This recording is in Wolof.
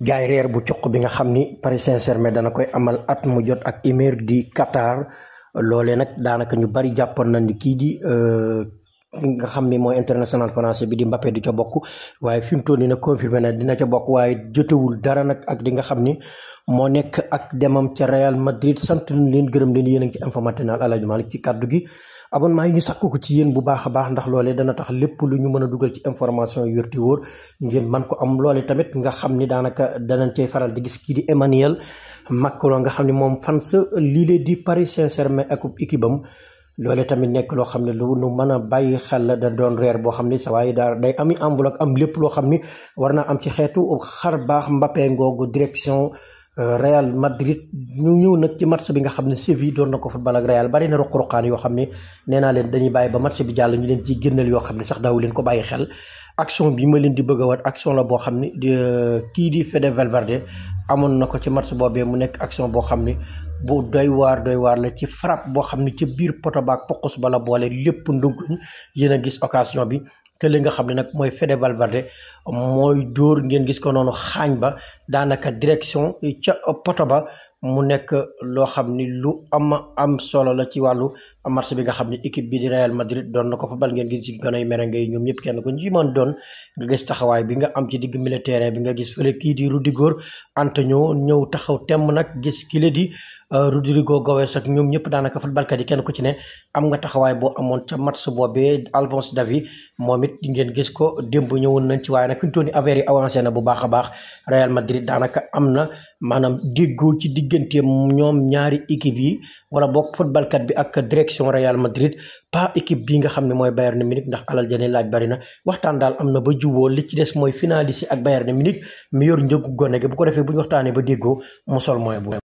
gaay reer bu cuq bi nga xam ni Paris Saint-Germain dana koy amal at mu jot ak émir di Qatar loole nag daanaka ñu bari jàppoon na ni kii di euh, nga xam ni mooy international français bi di Mbappé du ca bokk waaye fi mu toll nii nag confirmé na dina ca bokk waaye jotewul dara nag ak li nga xam ni moo nekk ak demam ca Real Madrid sant nañ leen gërëm leen yéen ci Infos Matinales El Hadj ci kàddu gi abonnement yi ñu sakku ko ci yéen bu baax a baax ndax loolee dana tax lépp lu ñu mën a dugal ci information yu wér di wóor ngeen man ko am loole tamit nga xam ni daanaka danañ cay faral di gis kii di Emmanuel Macron nga xam ni moom fan sa lii di Paris Saint-Germain ak équipe am loole tamit nekk loo xam ne lu nu mën a bàyyi xel la da doon reer boo xam ni sa waaye daal day ami enveloppe am lépp loo xam ni war naa am ci xeetu xar baax Mbappé ngoogu direction Euh, Real Madrid ñu ñëw nag ci match bi nga xam ne Séville doon na ko football ak Real bari na ruq-ruqaan yoo xam ne nee naa leen dañuy bàyyi ba match bi jàll ñu leen ciy génnal yoo xam ne sax daawu leen ko bàyyi xel action bi ma leen di bëgg a wat action la boo xam ne euh, kii di Fede Valverde amoon na ko ci match boobee mu nekk action boo xam ne bu doy waar doy waar la ci frappe boo xam ne ci biir poto baak poqus bala boole lépp ndunkuñ yéen a gis occasion bi te li nga xam ne nag mooy Fede Valverde mooy dóor ngeen gis ko noonu xaañ ba daanaka direction ca poto ba mu nekk loo xam ni lu am am solo la ci wàllu match bi nga xam ni équipe bi di Real Madrid doon na ko fa bal ngeen gis ci gone yu merengue yi ñoom ñëpp kenn bi nga am ci digg milieu bi nga gis fële kii di Rudiger Antonio ñëw taxaw temm nag gis kile di euh, Rodrigo Goes ak ñoom ñëpp daanaka footballkat yi kenn ku ci ne am nga taxawaay boo amoon ca match boobee Alphonse Davies moom it ngeen gis ko démb ñëwoon ci waaye nag fi mu avancé na bu baax a baax Real Madrid daanaka am na maanaam déggoo ci digg diggante ñoom ñaari équipe yi wala bokk footballkat bi ak direction Real Madrid pas équipe bi nga xam ne mooy Bayern Munich ndax alal jane laaj bari na waxtaan daal am na ba juboo li ci des mooy finaliste yi ak Bayern Munich mi yor njëgu gone gi bu ko defee bu ñu waxtaanee ba déggoo mu sol